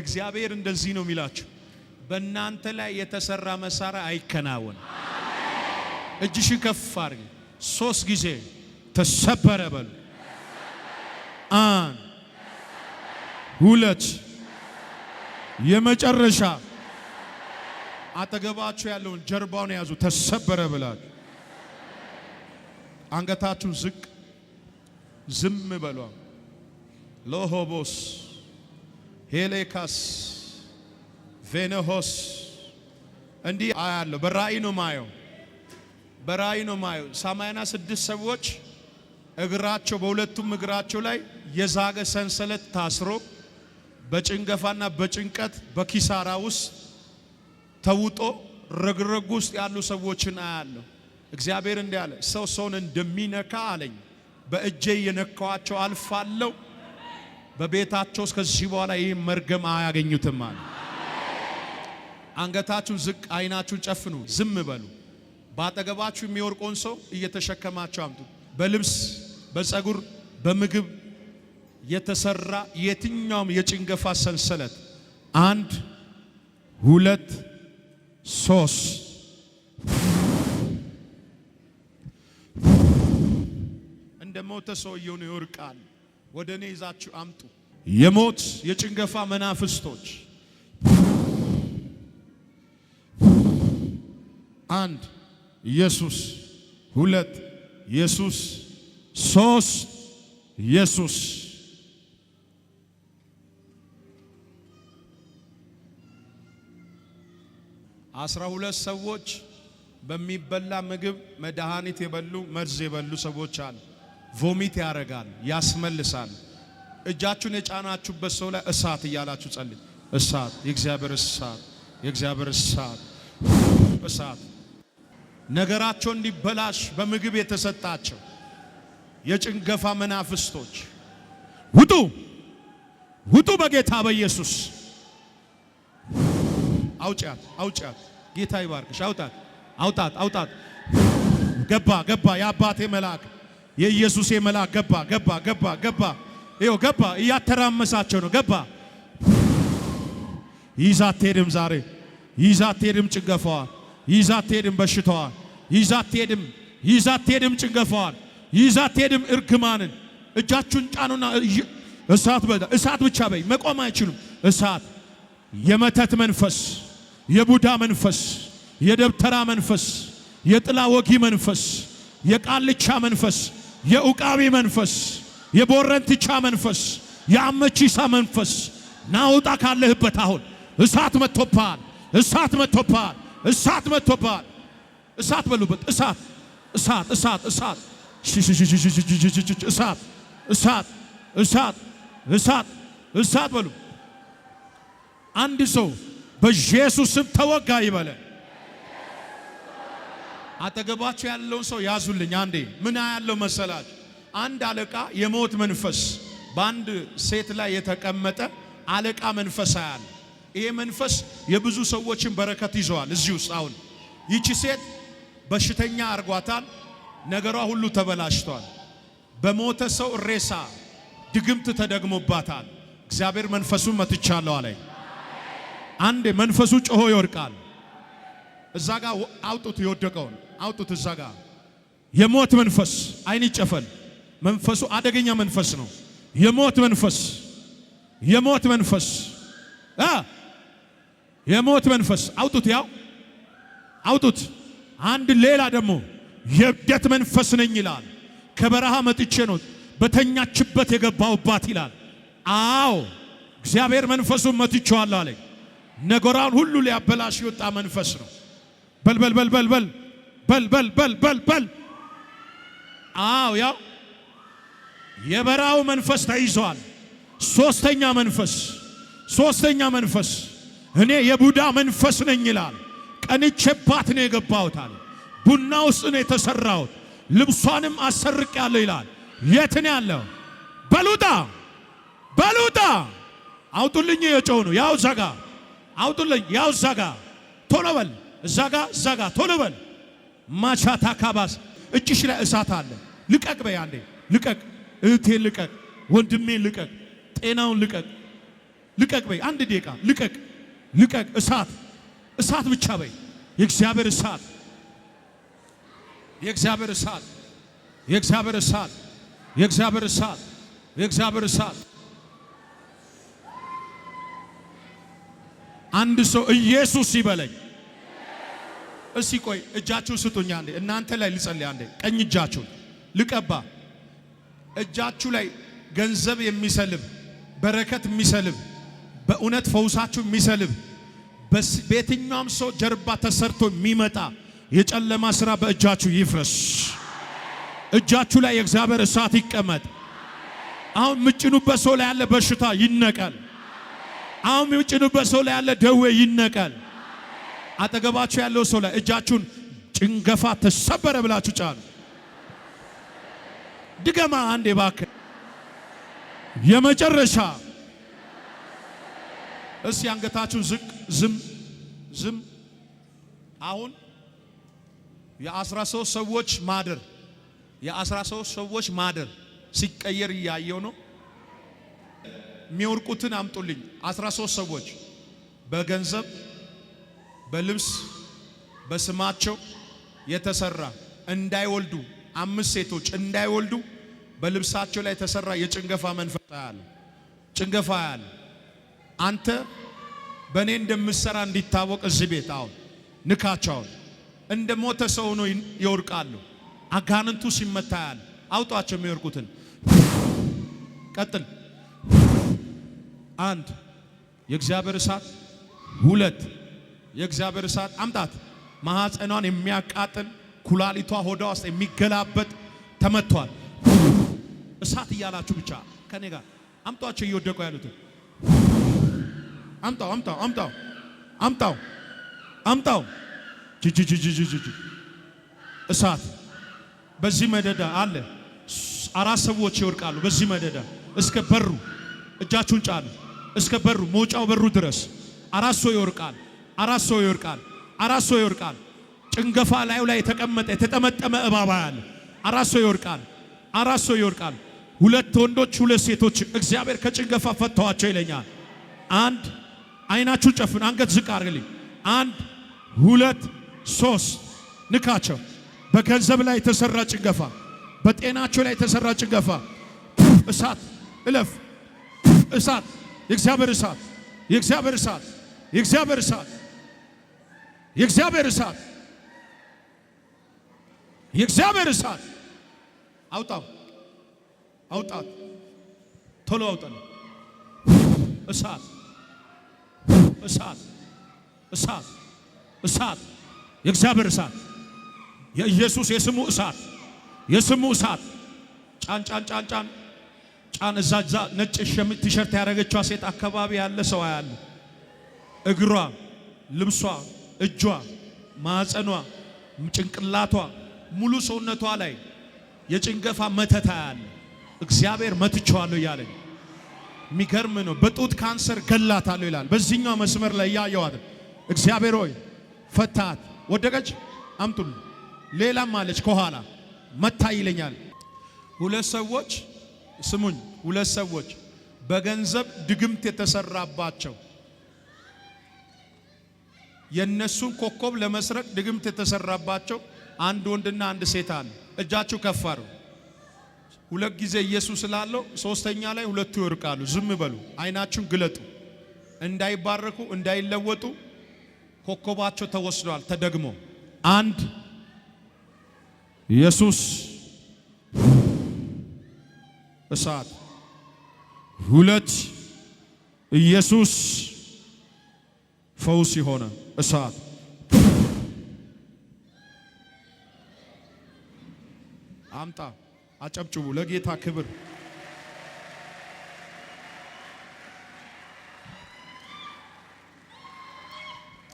እግዚአብሔር እንደዚህ ነው የሚላችሁ፣ በእናንተ ላይ የተሰራ መሳሪያ አይከናወን። እጅሽ ከፍ አድርጊ፣ ሶስት ጊዜ ተሰበረ በሉ። አን ሁለት፣ የመጨረሻ አጠገባችሁ ያለውን ጀርባውን የያዙ ተሰበረ ብላችሁ አንገታችሁ ዝቅ ዝም በሏ ሎሆቦስ ሄሌካስ ቬነሆስ እንዲህ አያለሁ። በራእይ ነው ማየው፣ በራእይ ነው ማየው። ሰማንያ ስድስት ሰዎች እግራቸው በሁለቱም እግራቸው ላይ የዛገ ሰንሰለት ታስሮ በጭንገፋና በጭንቀት በኪሳራ ውስጥ ተውጦ ረግረጉ ውስጥ ያሉ ሰዎችን አያለሁ። እግዚአብሔር እንዲህ አለ፣ ሰው ሰውን እንደሚነካ አለኝ፣ በእጄ የነካዋቸው አልፋለሁ በቤታቸው እስከዚህ በኋላ ይህ መርገም አያገኙትም አለ። አንገታችሁን ዝቅ፣ አይናችሁን ጨፍኑ፣ ዝም በሉ። በአጠገባችሁ የሚወርቆን ሰው እየተሸከማችሁ አምጡ። በልብስ በጸጉር በምግብ የተሰራ የትኛውም የጭንገፋ ሰንሰለት አንድ ሁለት ሶስት እንደ ሞተ እየሆነ ይወርቃል። ወደ እኔ ይዛችሁ አምጡ። የሞት የጭንገፋ መናፍስቶች አንድ ኢየሱስ፣ ሁለት ኢየሱስ፣ ሶስት ኢየሱስ። አስራ ሁለት ሰዎች በሚበላ ምግብ መድኃኒት የበሉ መርዝ የበሉ ሰዎች አሉ። ቮሚት ያደርጋል፣ ያስመልሳል። እጃችሁን የጫናችሁበት ሰው ላይ እሳት እያላችሁ ጸልይ። እሳት፣ የእግዚአብሔር እሳት፣ የእግዚአብሔር እሳት፣ እሳት ነገራቸው እንዲበላሽ በምግብ የተሰጣቸው የጭንገፋ መናፍስቶች ውጡ፣ ውጡ በጌታ በኢየሱስ አውጫት፣ አውጫት። ጌታ ይባርክሽ። አውጣት፣ አውጣት፣ አውጣት። ገባ፣ ገባ የአባቴ መልአክ የኢየሱስ የመላ ገባ ገባ ገባ ገባ ይኸው ገባ። እያተራመሳቸው ነው። ገባ ይዛ ሄድም ዛሬ ይዛ ሄድም ጭንገፋዋ ይዛ ሄድም በሽታዋ ይዛ ሄድም ይዛ ሄድም ጭንገፋዋን ይዛ ሄድም እርግማንን እጃችሁን ጫኑና እሳት በዳ እሳት ብቻ በይ። መቆም አይችሉም። እሳት የመተት መንፈስ፣ የቡዳ መንፈስ፣ የደብተራ መንፈስ፣ የጥላ ወጊ መንፈስ፣ የቃልቻ መንፈስ የኡቃቢ መንፈስ፣ የቦረንትቻ መንፈስ፣ የአመቺሳ መንፈስ ናውጣ ካለህበት አሁን እሳት መጥቶብሃል። እሳት መጥቶብሃል። እሳት መጥቶብሃል። እሳት በሉበት። እሳት እሳት እሳት እሳት እሳት እሳት እሳት እሳት እሳት በሉ። አንድ ሰው በኢየሱስ ስም ተወጋ ይበለ አጠገባችሁ ያለውን ሰው ያዙልኝ። አንዴ ምን ያለው መሰላችሁ? አንድ አለቃ የሞት መንፈስ በአንድ ሴት ላይ የተቀመጠ አለቃ መንፈስ አያል ይሄ መንፈስ የብዙ ሰዎችን በረከት ይዘዋል። እዚህ ውስጥ አሁን ይቺ ሴት በሽተኛ አርጓታል። ነገሯ ሁሉ ተበላሽቷል። በሞተ ሰው ሬሳ ድግምት ተደግሞባታል። እግዚአብሔር መንፈሱን መትቻለሁ አለኝ። አንዴ መንፈሱ ጮሆ ይወድቃል። እዛ ጋር አውጡት የወደቀውን አውጡት እዛ ጋር የሞት መንፈስ አይን ይጨፈን። መንፈሱ አደገኛ መንፈስ ነው። የሞት መንፈስ የሞት መንፈስ የሞት መንፈስ አውጡት፣ ያው አውጡት። አንድ ሌላ ደግሞ የእብደት መንፈስ ነኝ ይላል። ከበረሃ መጥቼ ነው በተኛችበት የገባውባት ይላል። አዎ እግዚአብሔር መንፈሱን መትቼዋለሁ አለኝ። ነገሯን ሁሉ ሊያበላሽ የወጣ መንፈስ ነው። በልበል በልበል በል በል በል በል በል በል። አዎ ያው የበራው መንፈስ ተይዟል። ሶስተኛ መንፈስ ሶስተኛ መንፈስ እኔ የቡዳ መንፈስ ነኝ ይላል። ቀንቼባት ነው የገባሁታል። ቡና ውስጥ ነው የተሰራሁት። ልብሷንም አሰርቅ ያለው ይላል። የት ነው ያለው? በሉጣ በሉጣ አውጡልኝ። የጮው ነው ያው ዛጋ አውጡልኝ። ያው ዛጋ ቶሎ በል ዛጋ ዛጋ ቶሎ በል ማቻታ ካባስ እጅሽ ላይ እሳት አለ። ልቀቅ በይ አንዴ፣ ልቀቅ እህቴን፣ ልቀቅ ወንድሜን፣ ልቀቅ ጤናውን፣ ልቀቅ ልቀቅ በይ አንድ ደቂቃ ልቀቅ፣ ልቀቅ እሳት፣ እሳት ብቻ በይ። የእግዚአብሔር እሳት፣ የእግዚአብሔር እሳት፣ የእግዚአብሔር እሳት፣ የእግዚአብሔር እሳት፣ የእግዚአብሔር እሳት። አንድ ሰው ኢየሱስ ይበለኝ። እስቲ ቆይ እጃችሁ ስጡኝ አንዴ፣ እናንተ ላይ ልጸልይ አንዴ። ቀኝ እጃችሁ ልቀባ። እጃችሁ ላይ ገንዘብ የሚሰልብ በረከት የሚሰልብ በእውነት ፈውሳችሁ የሚሰልብ በየትኛውም ሰው ጀርባ ተሰርቶ የሚመጣ የጨለማ ስራ በእጃችሁ ይፍረስ። እጃችሁ ላይ የእግዚአብሔር እሳት ይቀመጥ። አሁን ምጭኑበት ሰው ላይ ያለ በሽታ ይነቀል። አሁን ምጭኑበት ሰው ላይ ያለ ደዌ ይነቀል። አጠገባችሁ ያለው ሰው ላይ እጃችሁን ጭንገፋ ተሰበረ ብላችሁ ጫኑ። ድገማ አንዴ ባክ የመጨረሻ እስ አንገታችሁን ዝቅ ዝም ዝም። አሁን የአስራ ሶስት ሰዎች ማደር የአስራ ሶስት ሰዎች ማደር ሲቀየር እያየው ነው። የሚወርቁትን አምጡልኝ አስራ ሶስት ሰዎች በገንዘብ በልብስ በስማቸው የተሰራ እንዳይወልዱ አምስት ሴቶች እንዳይወልዱ በልብሳቸው ላይ የተሰራ የጭንገፋ መንፈስ ያለ ጭንገፋ ያለ አንተ በእኔ እንደምሰራ እንዲታወቅ እዚህ ቤት አሁን ንካቸውን እንደ ሞተ ሰው ሆኖ ይወርቃሉ። አጋንንቱ ሲመታ ያለ አውጧቸው የሚወርቁትን። ቀጥል። አንድ የእግዚአብሔር እሳት ሁለት የእግዚአብሔር እሳት አምጣት። ማህፀኗን የሚያቃጥል ኩላሊቷ ሆዷ ውስጥ የሚገላበጥ ተመቷል። እሳት እያላችሁ ብቻ ከኔ ጋር አምጧቸው። እየወደቁ ያሉትን አምጣው፣ አምጣው፣ አምጣው፣ አምጣው፣ አምጣው። እሳት በዚህ መደዳ አለ። አራት ሰዎች ይወድቃሉ። በዚህ መደዳ እስከ በሩ እጃችሁን ጫሉ። እስከ በሩ መውጫው በሩ ድረስ አራት ሰው ይወድቃል። አራት ሰው ይወድቃል። አራት ሰው ጭንገፋ ላዩ ላይ የተቀመጠ የተጠመጠመ እባባ ያለ አራት ሰው ይወርቃል አራት ሰው ሁለት ወንዶች፣ ሁለት ሴቶች እግዚአብሔር ከጭንገፋ ፈተዋቸው ይለኛል። አንድ አይናችሁ ጨፍን፣ አንገት ዝቅ አርግልኝ። አንድ ሁለት ሶስት ንካቸው። በገንዘብ ላይ የተሰራ ጭንገፋ፣ በጤናቸው ላይ የተሰራ ጭንገፋ እሳት እለፍ። እሳት የእግዚአብሔር እሳት የእግዚአብሔር እሳት የእግዚአብሔር እሳት የእግዚአብሔር እሳት የእግዚአብሔር እሳት አውጣው፣ አውጣት፣ ቶሎ አውጣ እሳት እሳት እሳት እሳት የእግዚአብሔር እሳት የኢየሱስ የስሙ እሳት የስሙ እሳት ጫን ጫን ጫን ጫን ጫን። እዛ እዛ ነጭ ሸሚዝ ቲሸርት ያደረገችዋ ሴት አካባቢ ያለ ሰው ያለ እግሯ ልብሷ እጇ፣ ማዕፀኗ፣ ጭንቅላቷ፣ ሙሉ ሰውነቷ ላይ የጭንገፋ መተት ያለ እግዚአብሔር መትቼዋለሁ እያለኝ የሚገርም ነው። በጡት ካንሰር ገላታለሁ ይላል። በዚህኛው መስመር ላይ እያየዋት እግዚአብሔር ሆይ ፈታት። ወደቀች፣ አምጡም። ሌላም አለች ከኋላ መታ ይለኛል። ሁለት ሰዎች ስሙኝ፣ ሁለት ሰዎች በገንዘብ ድግምት የተሰራባቸው የነሱን ኮከብ ለመስረቅ ድግምት የተሰራባቸው አንድ ወንድና አንድ ሴት አሉ። እጃችሁ ከፍ አድርጉ። ሁለት ጊዜ ኢየሱስ ስላለው ሶስተኛ ላይ ሁለቱ ይወርቃሉ። ዝም በሉ፣ አይናችሁን ግለጡ። እንዳይባረኩ እንዳይለወጡ ኮከባቸው ተወስዷል። ተደግሞ አንድ ኢየሱስ እሳት፣ ሁለት ኢየሱስ ፈውስ ይሆነ እሳት አምጣ። አጨብጭቡ ለጌታ ክብር